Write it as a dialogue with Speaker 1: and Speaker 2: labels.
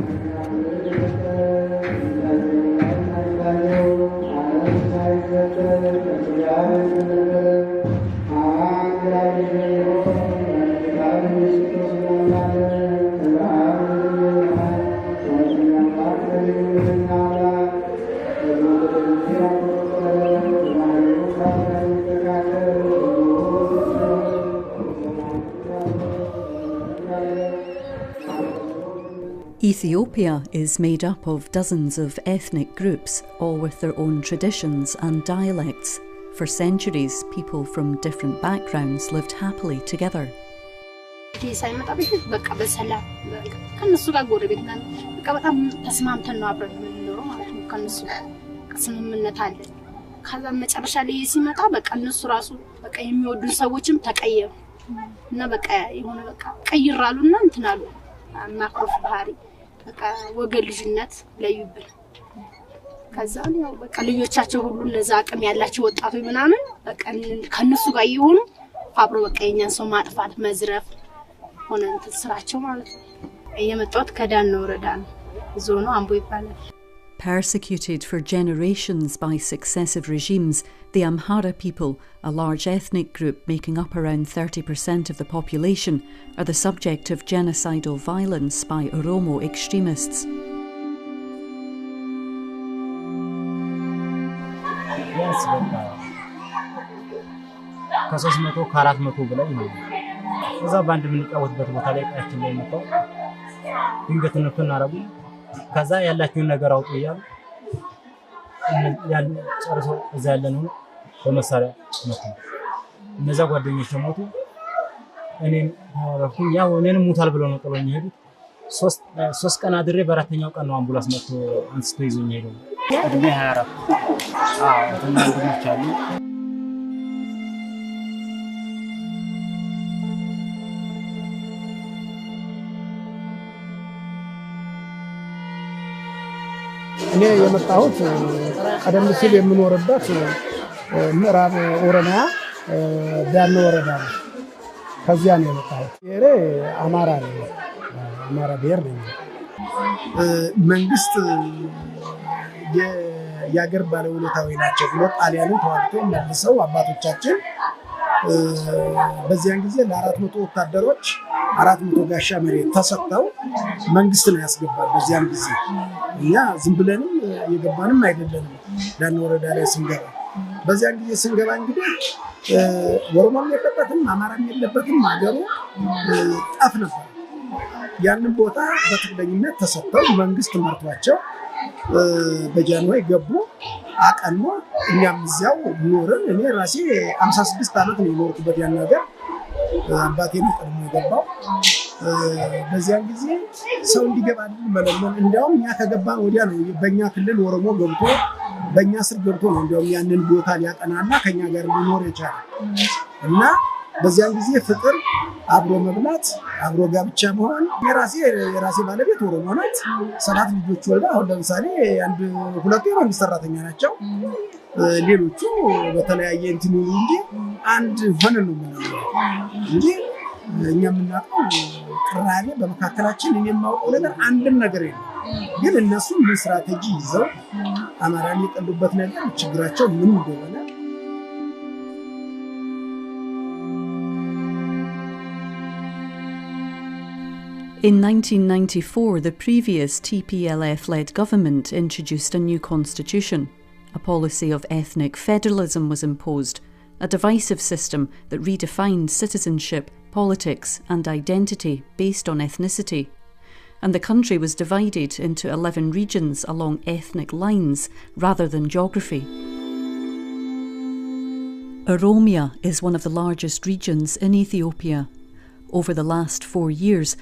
Speaker 1: Thank you. Ethiopia is made up of dozens of ethnic groups, all with their own traditions and dialects. For centuries, people from different backgrounds lived happily together.
Speaker 2: በቃ ወገን ልጅነት ለዩብን። ከዛ ያው በቃ ልጆቻቸው ሁሉ ለዛ አቅም ያላቸው ወጣቶች ምናምን በቃ ከነሱ ጋር እየሆኑ አብሮ በቃ የኛን ሰው ማጥፋት መዝረፍ ሆነ እንትን ስራቸው ማለት ነው። የመጣሁት ከዳን ነው ወረዳ ነው ዞኑ አምቦ ይባላል።
Speaker 1: Persecuted for generations by successive regimes, the Amhara people, a large ethnic group making up around 30% of the population, are the subject of genocidal violence by Oromo extremists.
Speaker 3: Uh, ከሶስት መቶ ከአራት መቶ በላይ ነው። እዛ ከዛ ያላችሁን ነገር አውጡ እያሉ ጨርሰው እዛ ያለነው በመሳሪያ መቱ። እነዛ ጓደኞች ሞቱ። እኔን ረፍኩኝ። ያው እኔንም ሙታል ብለው ነው ጥሎኝ የሄዱት። ሶስት ቀን አድሬ በአራተኛው ቀን ነው አምቡላንስ መጥቶ አንስቶ ይዞኝ ሄደው። እድሜ ሀያ አራት ወንድሞች አሉ
Speaker 4: እኔ የመጣሁት ቀደም ሲል የምኖርበት ምዕራብ ኦሮሚያ ዳኖ ወረዳ ነው። ከዚያ ነው የመጣሁት። ብሔሬ አማራ ነው፣ አማራ ብሔር ነው።
Speaker 5: መንግስት የአገር ባለውለታዊ ናቸው ብሎ ጣሊያንን ተዋግቶ መልሰው አባቶቻችን በዚያን ጊዜ ለአራት መቶ ወታደሮች አራት መቶ ጋሻ መሬት ተሰጥተው መንግስት ነው ያስገባል። በዚያም ጊዜ እኛ ዝም ብለንም እየገባንም አይደለንም ዳን ወረዳ ላይ ስንገባ በዚያን ጊዜ ስንገባ እንግዲህ ኦሮሞም የለበትም አማራም የለበትም ሀገሩ ጠፍ ነበር። ያንን ቦታ በትግለኝነት ተሰጥተው መንግስት መርቷቸው በጃንዋይ ገቡ አቀኖ እኛም እዚያው ኖርን። እኔ ራሴ 56 ዓመት ነው የኖርኩበት ያን ነገር አባቴ ነው ቀድሞ የገባው። በዚያን ጊዜ ሰው እንዲገባ አይደል መለመን። እንዲያውም እኛ ከገባን ወዲያ ነው በእኛ ክልል ኦሮሞ ገብቶ በእኛ ስር ገብቶ ነው እንዲያውም ያንን ቦታ ሊያጠናና ከኛ ጋር ሊኖር የቻለ እና በዚያን ጊዜ ፍቅር አብሮ መብላት፣ አብሮ ጋብቻ መሆን። የራሴ የራሴ ባለቤት ኦሮሞ ናት። ሰባት ልጆች ወልዳ አሁን ለምሳሌ አንድ ሁለቱ የመንግስት ሰራተኛ ናቸው። ሌሎቹ በተለያየ እንትኑ እንጂ አንድ ሆነ ነው የምናምነው እንጂ እኛ የምናውቀው ቅራኔ በመካከላችን እኔ የማውቀው ነገር አንድም ነገር የለም። ግን እነሱ ምን ስትራቴጂ ይዘው አማራን የጠሉበት ነገር ችግራቸው ምን እንደሆነ
Speaker 1: In 1994, the previous TPLF led government introduced a new constitution. A policy of ethnic federalism was imposed, a divisive system that redefined citizenship, politics, and identity based on ethnicity. And the country was divided into 11 regions along ethnic lines rather than geography. Oromia is one of the largest regions in Ethiopia. Over the last four years,